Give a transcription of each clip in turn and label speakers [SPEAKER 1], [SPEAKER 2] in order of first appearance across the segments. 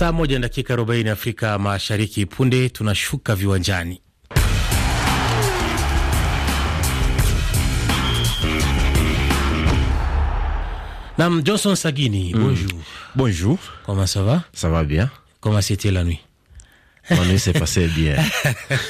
[SPEAKER 1] Saa moja na dakika 40 Afrika Mashariki. Punde tunashuka viwanjani nam Johnson Sagini. Mm. Bonjour. Bonjour. Comment ça va? Ça va bien. Comment c'était la nuit? Manise pase bien.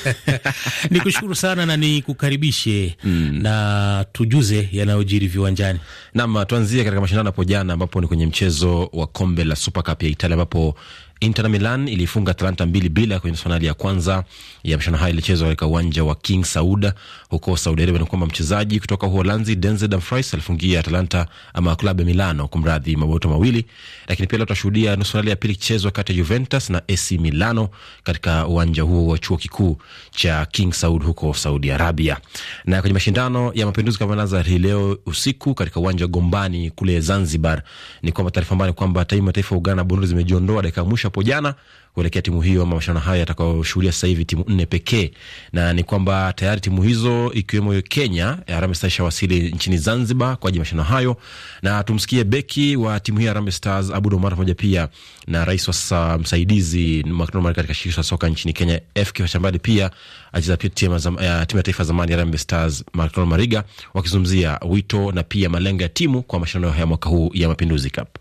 [SPEAKER 1] Ni kushukuru sana na ni kukaribishe mm. na tujuze
[SPEAKER 2] yanayojiri viwanjani. Naam, tuanzie katika mashindano hapo jana ambapo ni kwenye mchezo wa kombe la Super Cup ya Italia ambapo Inter Milan ilifunga Atlanta mbili bila kwenye fainali ya kwanza ya mashindano hayo ilichezwa katika uwanja wa King Saud huko Saudi Arabia, na kwamba mchezaji kutoka Uholanzi Denzel Dumfries alifungia Atlanta ama klabu ya Milano kumradhi maboto mawili. Lakini pia leo tutashuhudia nusu fainali ya pili ikichezwa kati ya Juventus na AC Milano katika uwanja huo wa chuo kikuu cha King Saud huko Saudi Arabia. Na kwenye mashindano ya mapinduzi kama kamanza hii leo usiku katika uwanja wa Gombani kule Zanzibar, ni kwamba taarifa ambayo ni kwamba timu ya taifa ya Uganda na zimejiondoa dakika mwisho hapo jana kuelekea timu hiyo ama mashindano haya yatakayoshuhudia sasa hivi timu nne pekee, na ni kwamba tayari timu hizo ikiwemo hiyo Kenya eh, Harambee Stars ishawasili nchini Zanzibar kwa ajili ya mashindano hayo, na tumsikie beki wa timu hiyo Harambee Stars Abudo Mara pamoja pia na rais wa sasa msaidizi McDonald katika shirikisho la soka nchini Kenya FK Shambani, pia acheza pia timu ya eh, taifa zamani Harambee Stars McDonald Mariga wakizungumzia wito na pia malengo ya timu kwa mashindano haya mwaka huu ya Mapinduzi Cup.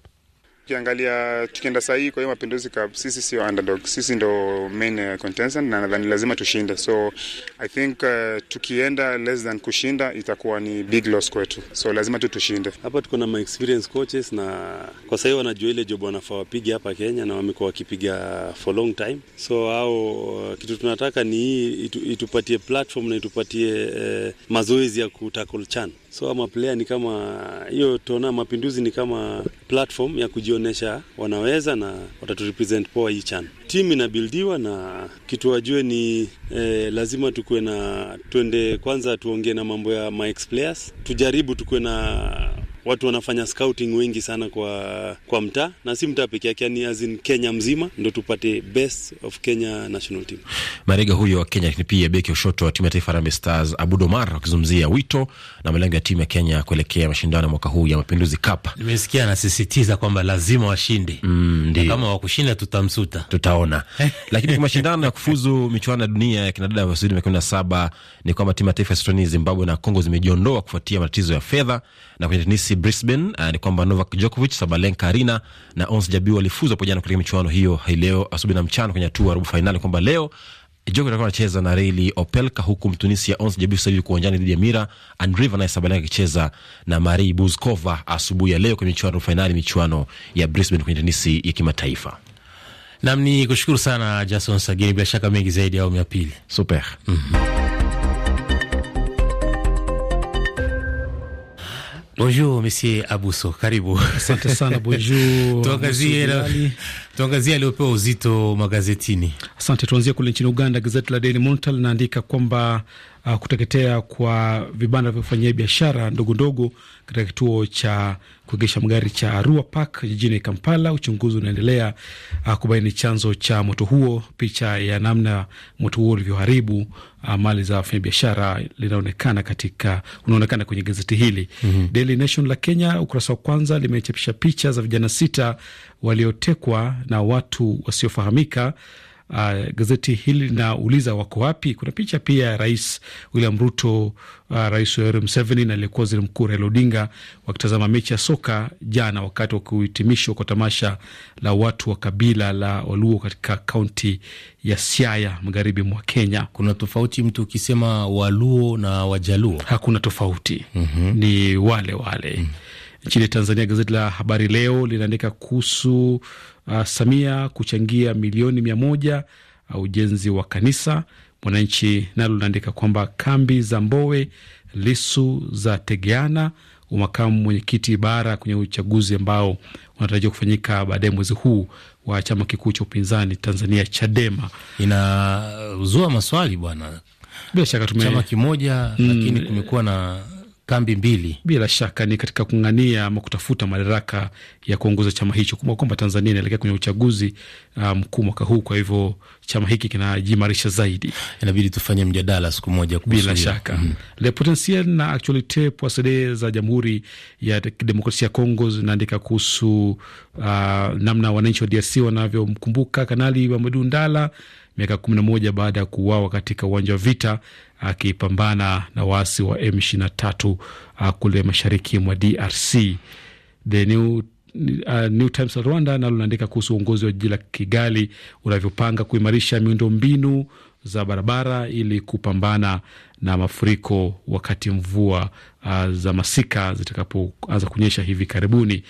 [SPEAKER 3] Ukiangalia tukienda saa hii, kwa hiyo Mapinduzi Cup sisi sio underdog, sisi ndo main uh, contestant na nadhani lazima tushinde, so I think uh, tukienda less than kushinda itakuwa ni big loss kwetu, so lazima tu tushinde. Hapa tuko na my experience coaches na kwa sasa wanajua ile job wanafaa wapige hapa Kenya na wamekuwa wakipiga for long time, so au uh, kitu tunataka ni hii itu, itupatie platform na itupatie uh, mazoezi ya kutackle CHAN So maplayer ni kama hiyo, tuona mapinduzi ni kama platform ya kujionyesha, wanaweza na wataturepresent poa hii chan. Timu inabildiwa na kitu wajue ni eh, lazima tukuwe na tuende kwanza, tuongee na mambo ya my ex players, tujaribu tukuwe na watu wanafanya scouting wengi sana kwa, kwa mtaa na si mtaa peke yake, yani azin Kenya mzima ndo tupate best of Kenya national team.
[SPEAKER 2] Marega huyo wa Kenya, lakini pia beki ushoto wa timu ya taifa Harambee Stars Abud Omar akizungumzia wito na malengo ya timu ya Kenya kuelekea mashindano ya mwaka huu ya Mapinduzi Cup.
[SPEAKER 1] Nimesikia anasisitiza kwamba lazima washinde, mm, na kama wakushinda tutamsuta, tutaona lakini kwa mashindano ya kufuzu michuano ya dunia ya kinadada
[SPEAKER 2] ya Sudan kumi na saba ni kwamba timu ya taifa ya Sudan, Zimbabwe na Kongo zimejiondoa kufuatia matatizo ya fedha na kwenye tenisi Brisbane uh, ni kwamba Novak Djokovic, Sabalenka Arina na Ons Jabeur walifuzwa hapo jana katika michuano hiyo hii leo asubuhi na mchana kwenye hatua robo fainali, kwamba leo Djokovic atakuwa anacheza na Reili Opelka, huku Mtunisia Ons Jabeur sasa hivi uwanjani dhidi ya Mira Andreeva, naye Sabalenka akicheza na Marie Buzkova asubuhi ya leo kwenye michuano robo fainali, michuano ya Brisbane kwenye tenisi ya kimataifa.
[SPEAKER 1] Nam ni kushukuru sana Jason Sagini, bila shaka mengi zaidi ya awamu ya pili. Super. mm -hmm. Bonjour Monsieur Abuso, karibu. Asante sana. Bonjour, tuangazie aliopewa uzito magazetini.
[SPEAKER 3] Asante, tuanzie kule nchini Uganda. Gazeti la Daily Monitor linaandika kwamba uh, kuteketea kwa vibanda vya kufanyia biashara ndogo ndogo katika kituo cha kuegesha magari cha Arua Park jijini Kampala. Uchunguzi unaendelea uh, kubaini chanzo cha moto huo. Picha ya namna moto huo ulivyoharibu uh, mali za wafanyabiashara linaonekana katika unaonekana kwenye gazeti hili mm -hmm. Daily Nation la Kenya ukurasa wa kwanza limechapisha picha za vijana sita waliotekwa na watu wasiofahamika Uh, gazeti hili linauliza wako wapi. Kuna picha pia ya Rais William Ruto, uh, Rais Yoweri Museveni na aliyekuwa waziri mkuu Raila Odinga wakitazama mechi ya soka jana, wakati wa kuhitimishwa kwa tamasha la watu wa kabila la Waluo katika kaunti ya Siaya, magharibi mwa Kenya. Kuna tofauti mtu ukisema Waluo na Wajaluo? Hakuna tofauti. mm -hmm. Ni wale wale. mm -hmm. Nchini Tanzania, gazeti la Habari Leo linaandika kuhusu uh, Samia kuchangia milioni mia moja uh, ujenzi wa kanisa. Mwananchi nalo linaandika kwamba kambi za Mbowe Lisu za tegeana umakamu mwenyekiti bara kwenye uchaguzi ambao unatarajiwa kufanyika baadaye mwezi huu wa chama kikuu cha upinzani Tanzania Chadema. Inazua maswali bwana, bila shaka tume chama
[SPEAKER 1] kimoja mm, lakini
[SPEAKER 3] kumekuwa na kambi mbili. Bila shaka ni katika kung'ania ama kutafuta madaraka ya kuongoza chama hicho, kumbuka kwamba Tanzania inaelekea kwenye uchaguzi ah, mkuu um, mwaka huu. Kwa hivyo chama hiki kinajimarisha zaidi. Inabidi tufanye mjadala siku moja kuhusu bila shaka mm -hmm. Le Potentiel na Actualite Poisede za Jamhuri ya Kidemokrasia ya Kongo zinaandika kuhusu uh, namna wananchi wa DRC wanavyomkumbuka Kanali Mamadou Ndala miaka kumi na moja baada ya kuuawa katika uwanja wa vita akipambana na waasi wa M23 uh, kule mashariki mwa DRC. The New uh, New Times la Rwanda nalo linaandika kuhusu uongozi wa jiji la Kigali unavyopanga kuimarisha miundombinu za barabara ili kupambana na mafuriko wakati mvua uh, za masika zitakapoanza kunyesha hivi karibuni.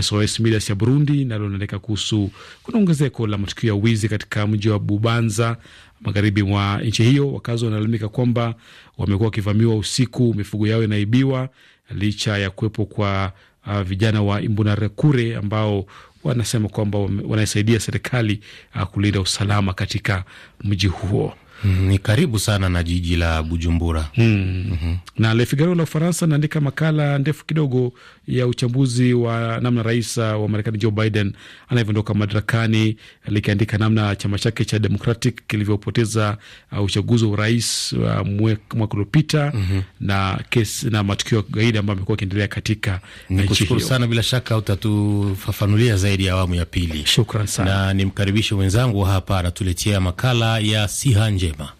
[SPEAKER 3] SOS Medias ya Burundi nalo linaandika kuhusu kuna ongezeko la matukio ya wizi katika mji wa Bubanza magharibi mwa nchi hiyo. Wakazi wanalalamika kwamba wamekuwa wakivamiwa usiku, mifugo yao inaibiwa licha ya kuwepo kwa uh, vijana wa Imbonerakure ambao wanasema kwamba wanaisaidia serikali uh, kulinda usalama katika mji huo. Mm-hmm. ni karibu
[SPEAKER 1] sana na jiji la Bujumbura.
[SPEAKER 3] Mm. Mm -hmm. Mm-hmm. Na Le Figaro la Ufaransa naandika makala ndefu kidogo ya uchambuzi wa namna rais uh, wa Marekani Joe Biden anavyoondoka madarakani, likiandika namna chama chake cha Democratic kilivyopoteza uh, uchaguzi wa urais uh, mwaka uliopita mm -hmm. na kesi na matukio ya gaidi ambayo amekuwa akiendelea
[SPEAKER 1] katika nchi hiyo. Sana bila shaka utatufafanulia zaidi ya awamu ya pili. Shukran sana. Na nimkaribishe mwenzangu hapa anatuletea makala ya Sihanje bas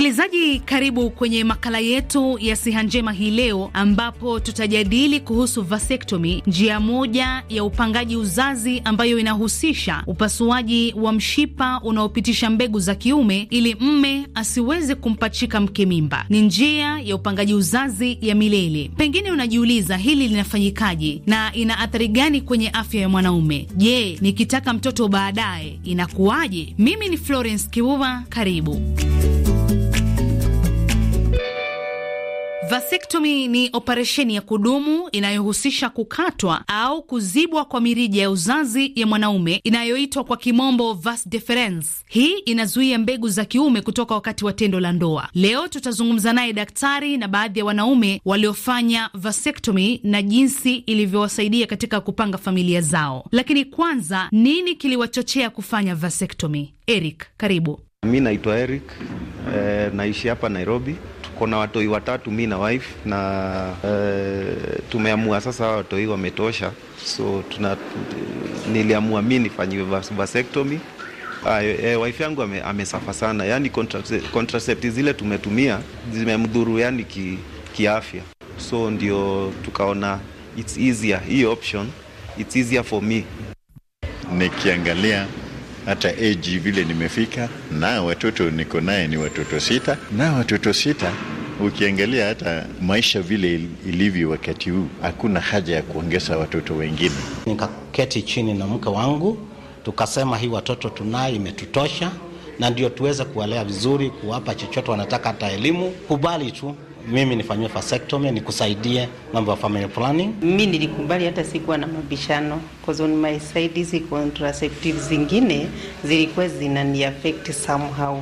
[SPEAKER 4] Msikilizaji, karibu kwenye makala yetu ya siha njema hii leo, ambapo tutajadili kuhusu vasektomi, njia moja ya upangaji uzazi ambayo inahusisha upasuaji wa mshipa unaopitisha mbegu za kiume ili mme asiweze kumpachika mke mimba. Ni njia ya upangaji uzazi ya milele. Pengine unajiuliza hili linafanyikaje na ina athari gani kwenye afya ya mwanaume? Je, nikitaka mtoto baadaye inakuwaje? Mimi ni Florence Kibuba, karibu. Vasektomi ni operesheni ya kudumu inayohusisha kukatwa au kuzibwa kwa mirija ya uzazi ya mwanaume inayoitwa kwa kimombo vas deferens. Hii inazuia mbegu za kiume kutoka wakati wa tendo la ndoa. Leo tutazungumza naye daktari na baadhi ya wanaume waliofanya vasektomi na jinsi ilivyowasaidia katika kupanga familia zao. Lakini kwanza, nini kiliwachochea kufanya vasektomi? Eric, karibu.
[SPEAKER 5] Mi naitwa Eric, eh, naishi hapa Nairobi na watoi watatu, mi na wife na uh, tumeamua sasa watoi wametosha, so tuna, niliamua mi nifanyiwe vasectomy. Ah, e, wife yangu ame, amesafa sana yani contracept zile tumetumia zimemdhuru yani ki, kiafya, so ndio tukaona it's easier hii option, it's easier for
[SPEAKER 2] me. Nikiangalia hata age vile nimefika na watoto niko naye ni watoto sita, na watoto sita Ukiangalia hata maisha vile ilivyo wakati huu, hakuna haja ya kuongeza watoto wengine. Nikaketi
[SPEAKER 5] chini na mke wangu tukasema, hii watoto tunayo imetutosha, na ndio tuweze kuwalea vizuri, kuwapa chochote wanataka, hata elimu. Kubali tu mimi nifanyiwe vasectomy nikusaidie mambo ya family planning.
[SPEAKER 4] Mimi nilikubali, hata
[SPEAKER 5] sikuwa na mabishano, cause on my side hizi zingine zilikuwa zinani affect somehow.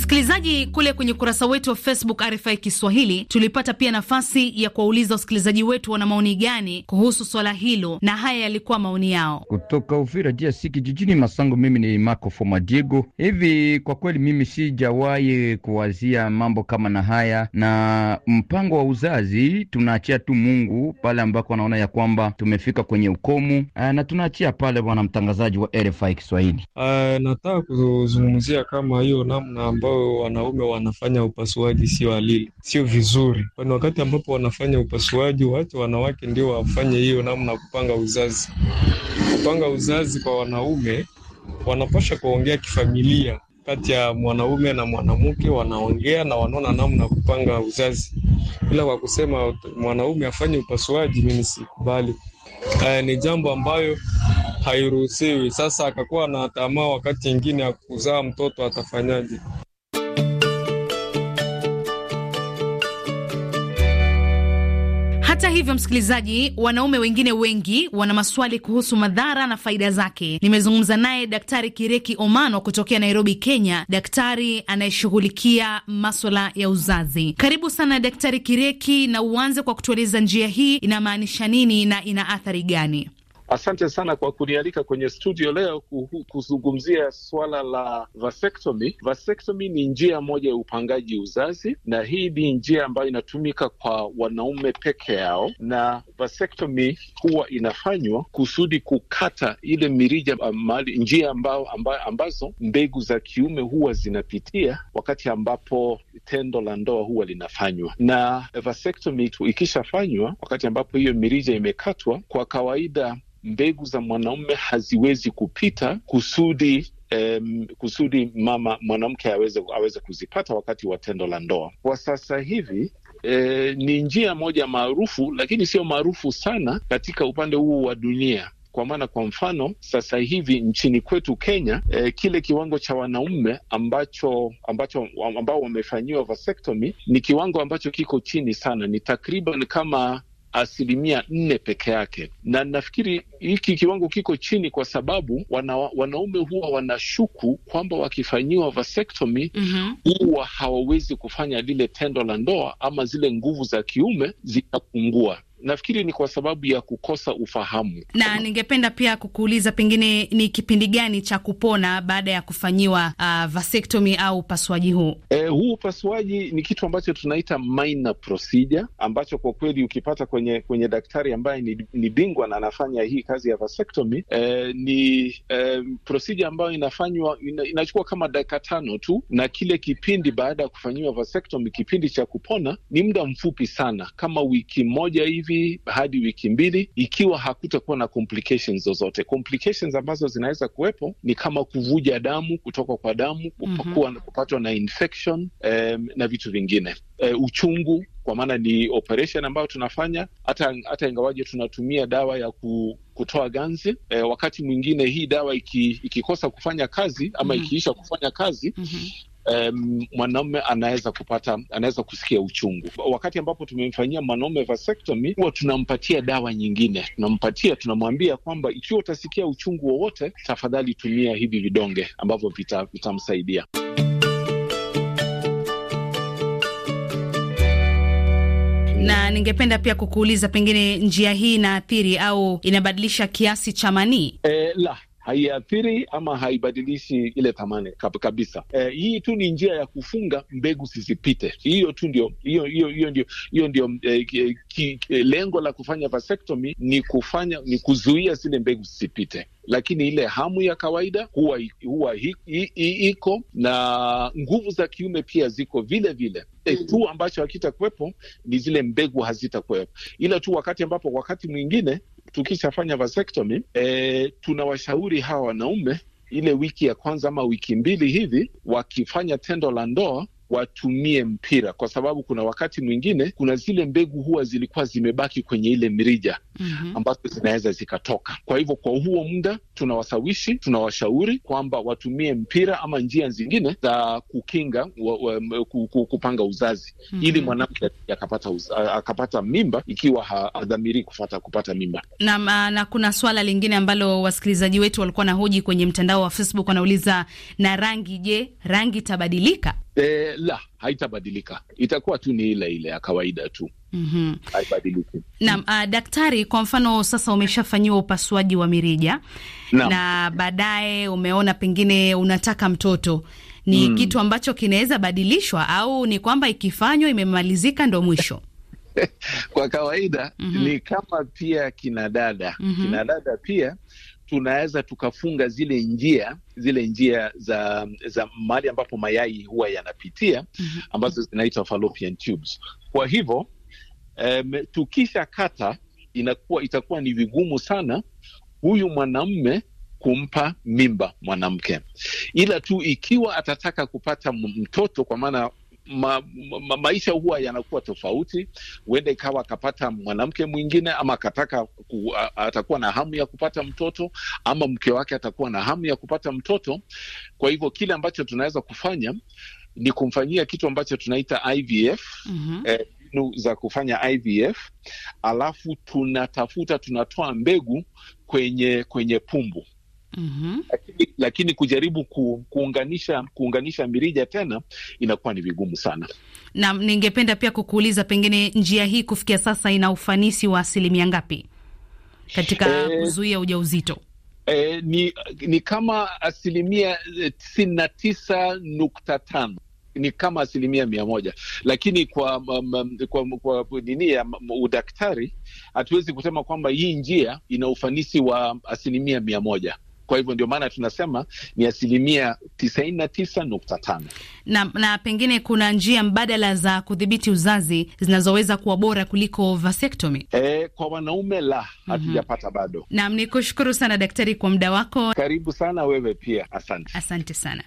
[SPEAKER 4] Msikilizaji, kule kwenye ukurasa wetu wa Facebook RFI Kiswahili tulipata pia nafasi ya kuwauliza wasikilizaji wetu wana maoni gani kuhusu swala hilo, na haya yalikuwa maoni yao
[SPEAKER 3] kutoka Uvira DRC kijijini Masango. Mimi ni Marco Foma Diego. Hivi kwa kweli mimi sijawahi kuwazia mambo kama na haya, na mpango wa uzazi tunaachia tu Mungu pale ambako anaona ya kwamba tumefika kwenye ukomu, eh, na tunaachia pale, bwana mtangazaji wa RFI Kiswahili. Uh, nataka kuzungumzia kama hiyo namna ambayo ambayo wanaume wanafanya upasuaji sio halili, sio vizuri, kwani wakati ambapo wanafanya upasuaji wacha wanawake ndio wafanye hiyo namna kupanga uzazi. Kupanga uzazi kwa wanaume, wanapasha kuongea kifamilia kati ya mwanaume na mwanamke wanaongea na wanaona namna kupanga uzazi, ila kwa kusema mwanaume afanye upasuaji, mimi sikubali. Uh, ni jambo ambayo hairuhusiwi. Sasa akakuwa na tamaa wakati ingine ya kuzaa mtoto, atafanyaje?
[SPEAKER 4] Hata hivyo, msikilizaji, wanaume wengine wengi wana maswali kuhusu madhara na faida zake. Nimezungumza naye Daktari Kireki Omano kutokea Nairobi, Kenya, daktari anayeshughulikia maswala ya uzazi. Karibu sana Daktari Kireki, na uanze kwa kutueleza njia hii inamaanisha nini na ina athari gani?
[SPEAKER 6] Asante sana kwa kunialika kwenye studio leo kuzungumzia swala la vasectomy. Vasectomy ni njia moja ya upangaji uzazi, na hii ni njia ambayo inatumika kwa wanaume peke yao, na vasectomy huwa inafanywa kusudi kukata ile mirija ah, mali, njia ambao, amba, ambazo mbegu za kiume huwa zinapitia wakati ambapo tendo la ndoa huwa linafanywa. Na vasectomy ikishafanywa, wakati ambapo hiyo mirija imekatwa, kwa kawaida mbegu za mwanaume haziwezi kupita kusudi Um, kusudi mama mwanamke aweze aweze kuzipata wakati wa tendo la ndoa. Kwa sasa hivi e, ni njia moja maarufu, lakini sio maarufu sana katika upande huu wa dunia kwa maana kwa mfano sasa hivi nchini kwetu Kenya eh, kile kiwango cha wanaume ambacho ambacho ambao wamefanyiwa vasectomy ni kiwango ambacho kiko chini sana, ni takriban kama asilimia nne peke yake, na nafikiri hiki kiwango kiko chini kwa sababu wana, wanaume huwa wanashuku kwamba wakifanyiwa mhm. huwa mm huwa -hmm. hawawezi kufanya lile tendo la ndoa ama zile nguvu za kiume zitapungua. Nafikiri ni kwa sababu ya kukosa ufahamu.
[SPEAKER 4] Na ningependa pia kukuuliza pengine ni kipindi gani cha kupona baada ya kufanyiwa uh, au upasuaji huu?
[SPEAKER 6] E, huu upasuaji ni kitu ambacho tunaita minor procedure, ambacho kwa kweli ukipata kwenye kwenye daktari ambaye ni, ni bingwa na anafanya hii kazi ya vasectomy eh, ni eh, procedure ambayo inafanywa ina, inachukua kama dakika tano tu, na kile kipindi baada ya kufanyiwa vasectomy, kipindi cha kupona ni muda mfupi sana, kama wiki moja hivi hadi wiki mbili, ikiwa hakutakuwa na complications zozote. Complications ambazo zinaweza kuwepo ni kama kuvuja damu kutoka kwa damu, mhm. kupakua, mm -hmm. kupatwa na infection um, na vitu vingine e, uchungu kwa maana ni operation ambayo tunafanya hata hata ingawaje tunatumia dawa ya ku, kutoa ganzi e, wakati mwingine hii dawa iki, ikikosa kufanya kazi ama mm -hmm. ikiisha kufanya kazi mm -hmm. Um, mwanaume anaweza kupata anaweza kusikia uchungu. Wakati ambapo tumemfanyia mwanaume vasectomy, huwa tunampatia dawa nyingine, tunampatia tunamwambia kwamba ikiwa utasikia uchungu wowote, tafadhali tumia hivi vidonge ambavyo vitamsaidia vita
[SPEAKER 4] Mm. Na ningependa pia kukuuliza pengine njia hii inaathiri au inabadilisha kiasi cha manii?
[SPEAKER 6] Eh, la, haiathiri ama haibadilishi ile thamani kabisa. E, hii tu ni njia ya kufunga mbegu zisipite. Hiyo tu ndio, hiyo hiyo hiyo ndio, hiyo ndio eh, ki, lengo la kufanya vasectomy ni kufanya ni kuzuia zile mbegu zisipite, lakini ile hamu ya kawaida huwa huwa iko na nguvu za kiume pia ziko vile vile eh, tu ambacho hakitakuwepo ni zile mbegu hazitakuwepo, ila tu wakati ambapo wakati mwingine tukishafanya vasectomy e, tunawashauri hawa wanaume ile wiki ya kwanza ama wiki mbili hivi, wakifanya tendo la ndoa watumie mpira, kwa sababu kuna wakati mwingine kuna zile mbegu huwa zilikuwa zimebaki kwenye ile mirija mm -hmm. ambazo zinaweza zikatoka. Kwa hivyo kwa huo muda tunawasawishi, tunawashauri kwamba watumie mpira ama njia zingine za kukinga wa, wa, kupanga uzazi mm -hmm. ili mwanamke akapata akapata mimba ikiwa hadhamiri kupata, kupata mimba
[SPEAKER 4] na, na kuna swala lingine ambalo wasikilizaji wetu walikuwa na hoji kwenye mtandao wa Facebook wanauliza, na rangi, je, rangi itabadilika?
[SPEAKER 6] E, la haitabadilika, itakuwa tu ni ile ile ya kawaida tu.
[SPEAKER 4] mm -hmm. Haibadiliki. Naam. Uh, daktari, kwa mfano sasa umeshafanyiwa upasuaji wa mirija na, na baadaye umeona pengine unataka mtoto ni mm. kitu ambacho kinaweza badilishwa au ni kwamba ikifanywa imemalizika ndo mwisho?
[SPEAKER 6] Kwa kawaida mm -hmm. ni kama pia kinadada mm -hmm. kinadada pia tunaweza tukafunga zile njia zile njia za za mahali ambapo mayai huwa yanapitia mhm. ambazo zinaitwa fallopian tubes. Kwa hivyo um, tukisha kata inakuwa itakuwa ni vigumu sana huyu mwanamme kumpa mimba mwanamke, ila tu ikiwa atataka kupata mtoto, kwa maana ma, ma, maisha huwa yanakuwa tofauti. Huenda ikawa akapata mwanamke mwingine ama akataka ku, a, atakuwa na hamu ya kupata mtoto ama mke wake atakuwa na hamu ya kupata mtoto. Kwa hivyo kile ambacho tunaweza kufanya ni kumfanyia kitu ambacho tunaita IVF mm -hmm. eh, za kufanya IVF alafu tunatafuta tunatoa mbegu kwenye kwenye pumbu. Mm -hmm. Lakini, lakini kujaribu ku, kuunganisha kuunganisha mirija tena inakuwa ni vigumu sana.
[SPEAKER 4] nam ningependa pia kukuuliza pengine njia hii kufikia sasa ina ufanisi wa asilimia ngapi? katika
[SPEAKER 6] e, kuzuia ujauzito? E, ni, ni kama asilimia eh, tisini na tisa nukta tano ni kama asilimia mia moja lakini kwa, um, um kwa, kwa nini ya udaktari hatuwezi kusema kwamba hii njia ina ufanisi wa asilimia mia moja. Kwa hivyo ndio maana tunasema ni asilimia tisaini na tisa nukta tano
[SPEAKER 4] na, na pengine kuna njia mbadala za kudhibiti uzazi zinazoweza kuwa bora kuliko vasectomy.
[SPEAKER 6] E, kwa wanaume la mhm. hatujapata mm -hmm.
[SPEAKER 4] bado. ni kushukuru sana daktari kwa muda wako. Karibu sana wewe
[SPEAKER 6] pia, asante,
[SPEAKER 4] asante sana.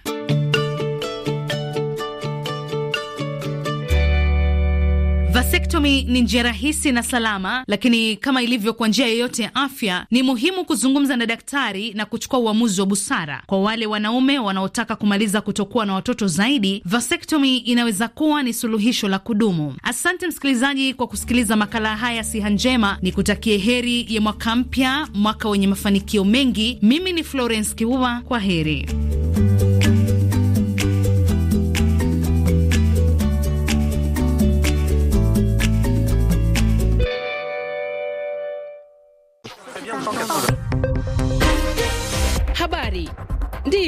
[SPEAKER 4] Vasektomi ni njia rahisi na salama, lakini kama ilivyo kwa njia yoyote ya afya, ni muhimu kuzungumza na daktari na kuchukua uamuzi wa busara. Kwa wale wanaume wanaotaka kumaliza kutokuwa na watoto zaidi, vasektomi inaweza kuwa ni suluhisho la kudumu. Asante msikilizaji kwa kusikiliza makala haya. Siha njema ni kutakie heri ya mwaka mpya, mwaka wenye mafanikio mengi. Mimi ni Florence Kiuva, kwa heri.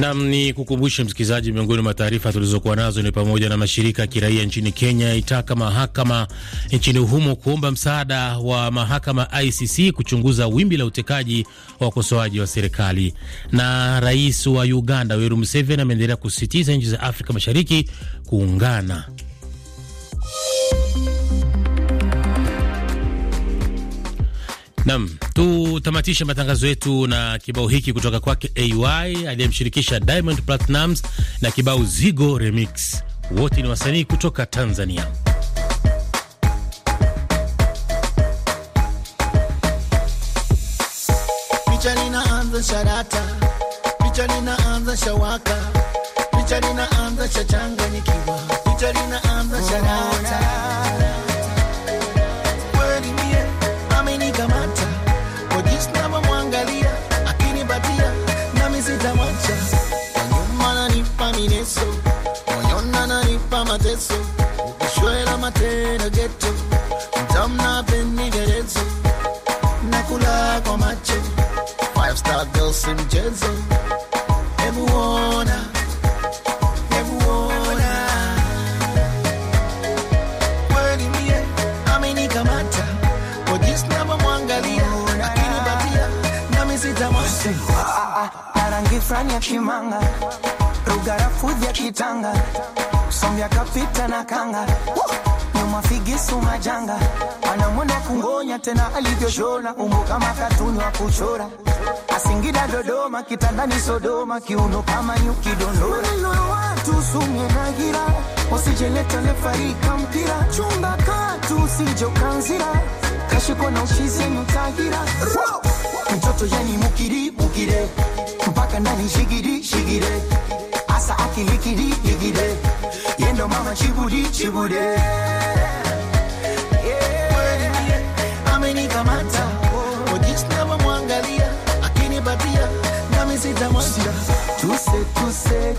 [SPEAKER 1] Nam ni kukumbushe msikilizaji, miongoni mwa taarifa tulizokuwa nazo ni pamoja na mashirika ya kiraia nchini Kenya itaka mahakama nchini humo kuomba msaada wa mahakama ICC kuchunguza wimbi la utekaji wa wakosoaji wa serikali, na rais wa Uganda Yoweri Museveni ameendelea kusisitiza nchi za Afrika Mashariki kuungana. Nam, tutamatishe matangazo yetu na kibao hiki kutoka kwake AY aliyemshirikisha Diamond Platnumz na kibao Zigo Remix. Wote ni wasanii kutoka Tanzania.
[SPEAKER 5] Picha linaanza sharata, picha linaanza shawaka, picha linaanza shachanganyikiwa, picha linaanza sharata arangi ah, ah, ah, frani ya kimanga rugara fuji ya kitanga sombi akapita na kanga nyuma figisu majanga anamwenda kungonya tena alivyoshona umbo kama katuni wa kuchora asingida dodoma kitandani sodoma kiuno kama nyuki dondoratu sumienagira usijeletalefarika mpira chunga katu sijokanzira Nashikwa na ushizi mutahira mtoto yani mukiri mukire mpaka ndani shigiri shigire asa akilikiri ligire yendo mama chiburi chibure amenikamata wajichinama mwangalia akinipatia nami sitamwacha tuse tuse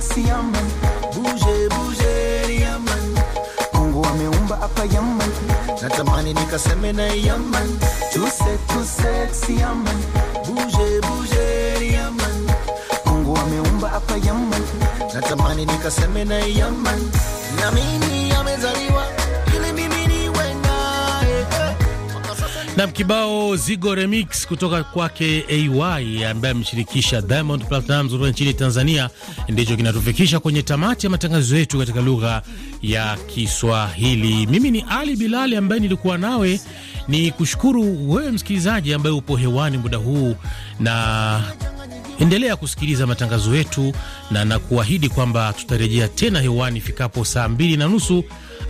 [SPEAKER 5] natamani nikaseme na yaman tuse tuse yaman buje buje yaman Mungu ameumba apa yaman natamani nikaseme na yaman na mimi amezaliwa
[SPEAKER 1] na kibao Zigo Remix kutoka kwake AY ambaye ameshirikisha Diamond Platnumz kutoka nchini Tanzania ndicho kinatufikisha kwenye tamati ya matangazo yetu katika lugha ya Kiswahili. Mimi ni Ali Bilali ambaye nilikuwa nawe, ni kushukuru wewe msikilizaji ambaye upo hewani muda huu na endelea kusikiliza matangazo yetu, na nakuahidi kwamba tutarejea tena hewani ifikapo saa mbili na nusu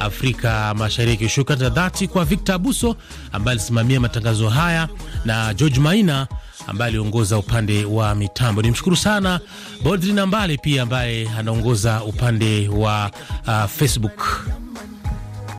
[SPEAKER 1] Afrika Mashariki. Shukran za dhati kwa Victor Abuso ambaye alisimamia matangazo haya na George Maina ambaye aliongoza upande wa mitambo. Nimshukuru sana Bodrin Ambale
[SPEAKER 6] pia ambaye anaongoza upande wa uh, Facebook.